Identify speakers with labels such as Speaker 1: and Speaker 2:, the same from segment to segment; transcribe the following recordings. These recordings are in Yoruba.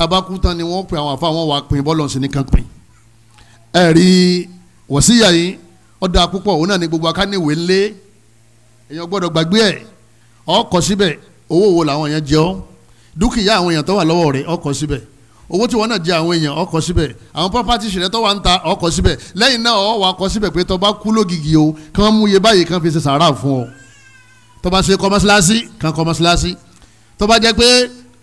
Speaker 1: tàbá kú tán ni wọ́n pe àwọn àfa wọn wà pin bọ́ọ̀lù ọ̀sìn nìkan pin ẹ wọ̀síyà yìí ọ̀dà púpọ̀ òun náà ni gbogbo akáníwèé ńlé èèyàn gbọ́dọ̀ gbàgbé ẹ̀ ọkọ̀ síbẹ̀ owó wo làwọn èèyàn jẹ ọ́ dúkìá àwọn èèyàn tó wà lọ́wọ́ rẹ̀ ọkọ̀ síbẹ̀ owó tí wọ́n náà jẹ àwọn èèyàn ọkọ̀ síbẹ̀ àwọn property ṣẹlẹ̀ tó wà ń ta ọkọ̀ síbẹ̀ lẹ́yìn náà ọwọ́ akọ̀ síbẹ̀ pé tó kú lógìgì o kàn mú iye báyìí kàn fi ṣe sàárà fún ọ tó ṣe kọ́mọ́síláṣí kàn kọ́mọ́síláṣí tó bá pé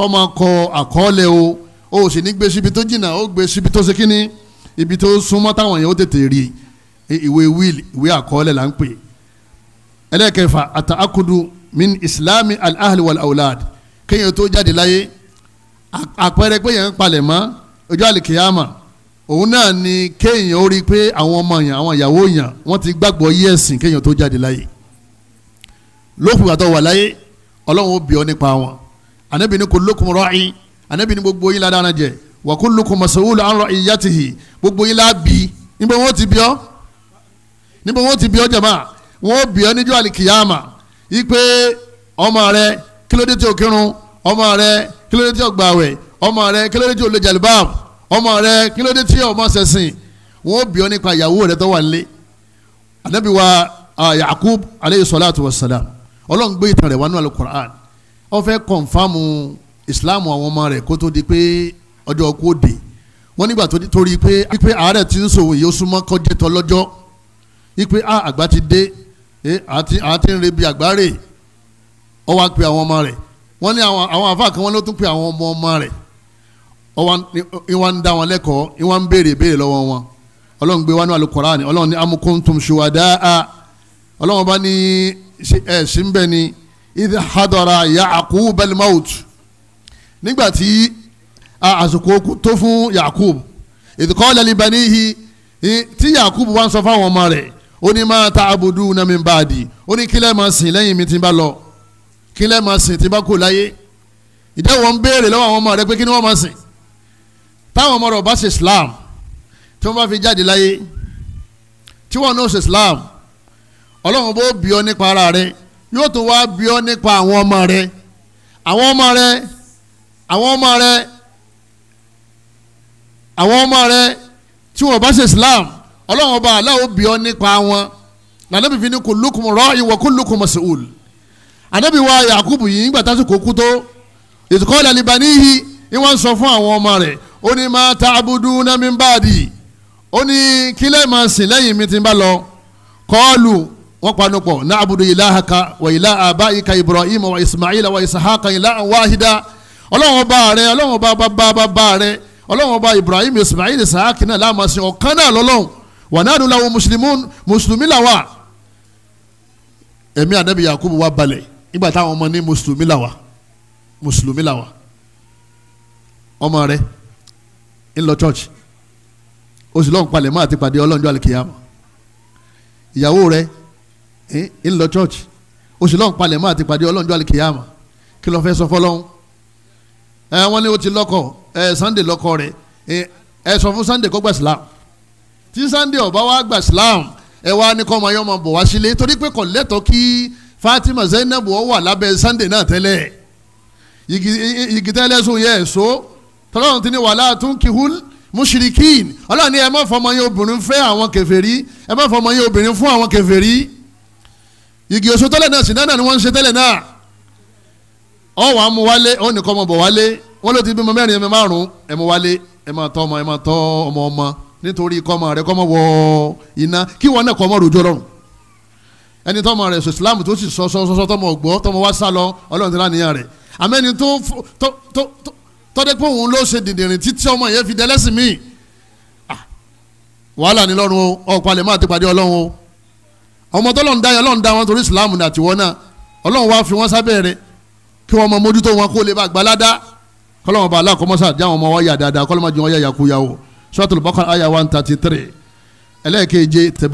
Speaker 1: kọ́ máa kọ àkọọ́lẹ̀ o o sì ní gbé síbi tó jìnnà ó gbé síbi tó ṣe kínní ibi tó súnmọ́ táwọn yẹn ó tètè rí e, ìwé wíìlì ìwé àkọọ́lẹ̀ là ń pè ẹlẹ́kẹfà àtàkùdù min islami al-ahli wal-awlad kéèyàn tó jáde láyé àpẹẹrẹ pé yẹn ń palẹ̀ mọ́ ọjọ́ àlìkèyàmà òun náà ni kéèyàn ó rí i pé àwọn ọmọ yẹn àwọn ìyàwó yẹn wọ́n ti gbàgbọ́ yí ẹ̀sìn kéèyàn tó jáde láyé lópin àtọ̀ láyé ọlọ́run ó bi ọ́ nípa wọn anabi ni kullukum ra'i anabi ni gbogbo yín ládàá jẹ wa kullukum mas'ulun an ra'iyatihi gbogbo yín lábì níbo wọn ti bí ọ níbo wọn ti bí ọ jàmá wọn bí ọ níjọ́ alikiyama yí pé ọmọ rẹ kílódé tí o kírun ọmọ rẹ kílódé tí o gbàwẹ̀ ọmọ rẹ kílódé tí o lè jalibab ọmọ rẹ kílódé o mọ wọn bí ọ nípa ìyàwó rẹ tó wà anabi wa yakub aleyhi salatu wa salam ọlọ́run gbé ìtàn rẹ̀ wá nínú alukur'an ó fẹ́ kọ̀nfàmù ìsìláàmù àwọn ọmọ rẹ̀ kó tó di pé ọjọ́ ọkú òde wọ́n nígbà tó torí pé wípé àárẹ̀ ti ń sòwò yìí ó súnmọ́ kọjẹ́ tọ́ lọ́jọ́ wípé a àgbà ti dé àti àti ń re bí àgbáre ó wá pe àwọn ọmọ rẹ̀ wọ́n ní àwọn àfáà kan wọ́n ló tún pe àwọn ọmọ ọmọ rẹ̀ ìwà ń dá wọn lẹ́kọ̀ọ́ ìwà ń béèrè béèrè lọ́wọ́ wọn ọlọ́run gbé wá ní al ọlọ́run ní amukuntum shuwadaa ọlọ́run bá ní ẹ̀ sí ń bẹ́ẹ̀ ni idh hadara Yaqub al-maut nígbà tí àsìkò kú tó fún Yaqub idh qala li banihi tí Yaqub wá ń sọ fáwọn ọmọ rẹ̀ ó ní ma ta'buduna min ba'di ó ní kílẹ̀ máa sìn lẹ́yìn mi tí n bá lọ kílẹ̀ máa sìn tí n bá kò láyé ìdáwọ̀ béèrè lọ́wọ́ àwọn ọmọ rẹ̀ pé kí ni wọ́n máa sìn táwọn ọmọ rẹ̀ bá ṣe Islam tí wọ́n bá fi jáde láyé tí wọ́n náà ṣe Islam ọlọ́run bó bí ọ nípa ara rẹ̀ yóò tún wá bi ọ́ nípa àwọn ọmọ rẹ àwọn ọmọ rẹ àwọn ọmọ rẹ àwọn ọmọ rẹ tí wọn bá ṣe Islam ọlọ́run ọba aláwo bi ọ́ nípa wọn lànàbí fi ní kullukum ra'in wa kullukum mas'ul ànábì wa Yakubu yìí nígbà tásìkò kú tó ìtukọ́lẹ̀ libanihi ni wọ́n sọ fún àwọn ọmọ rẹ̀ ó ní ma ta'buduna min ba'di ó ní kílẹ̀ máa sìn lẹ́yìn mi ti bá lọ kọ́ọ̀lù wọ́n panupọ̀ na'budu ilahaka wa ilaha abaika ibrahim wa ismaila wa isahaqa ilaha wahida ọlọ́run ọba rẹ ọlọ́run ọba bàbá bàbá rẹ ọlọ́run ọba ibrahim ismail isaaki náà láàmú sí ọ̀kan náà lọ́lọ́run wà náà lọ́wọ́ mùsùlùmí làwà ẹ̀mí ànábì yakubu wà balẹ̀ nígbà táwọn ọmọ ní mùsùlùmí làwà mùsùlùmí làwà ọmọ rẹ ń church oṣù lọ́nkpalẹ̀ máa ti pàdé ọlọ́njọ́ àlùkìyàmọ̀ ìyàwó Eh, ń lọ church oṣù lọ́n palẹ̀ mọ́ àti pàdé ọlọ́njọ́ àlìkìyàmà kí ló fẹ́ sọ fọlọ́hún ẹ wọ́n ní o ti lọ́kọ̀ ẹ Sunday lọ́kọ̀ rẹ̀ ẹ sọ fún Sunday kó gba Islam tí Sunday ọba wa gba Islam ẹ wá ní kọ́ ọmọ yọmọ bọ̀ wá sílé torí pé kò lẹ́tọ̀ọ́ kí Fatima Zainab ọ wà lábẹ́ Sunday náà tẹ́lẹ̀ yìgì tẹ́lẹ̀ sùn yẹ ẹ̀ so tọ́lọ́run ti ní wàhálà tún kihul mushrikin ọlọ́run ní ẹ má fọmọ yín obìnrin fẹ́ àwọn kèfèrí ẹ má fọmọ yín obìnrin fún àwọn kèfèrí igi èso tẹ́lẹ̀ náà sì náà ni wọ́n ń ṣe tẹ́lẹ̀ náà ọ wàá mú wálé ọ nìkan ọmọ bọ̀ wálé wọ́n ló ti bímọ mẹ́rin ẹ̀mí márùn-ún ẹ̀ mú wálé ẹ̀ máa tọ́ ọmọ ẹ̀ máa tọ́ ọmọ ọmọ nítorí kọ́mọ rẹ̀ kọ́mọ wọ iná kí wọ́n náà kọ́mọ rojọ́ lọ́rùn ẹni tọ́mọ rẹ̀ sọ Islam tó sì sọ sọ sọ tọ́mọ ọgbọ́ tọ́mọ wá sá lọ Ọlọ́run ti láníyàn rẹ̀ àmẹ́ni tó tọ́dẹ́ pé òun ló ṣe dìndìnrín títí ọmọ yẹn fi dẹ́lẹ́sìn míì ah, wàhálà ni lọ́run o ọ̀pọ̀ àlẹ́ máa ti pàdé Ọlọ́run o ọmọ tó lọ́n dá yẹn lọ́n dá wọn torí islam ní àtiwọ́ náà ọlọ́run wá fi wọn sábẹ́ rẹ̀ kí wọ́n mọ mójútó wọn kó lè bá gbalada kọ́lọ́mọ bá aláà kọ́mọ́sá dí àwọn ọmọ wa yà dáadáa kọ́lọ́mọ jẹ́ wọn yà yà kúyà o suratul Baqara àyà one thirty three ẹlẹ́ẹ̀keje tẹ̀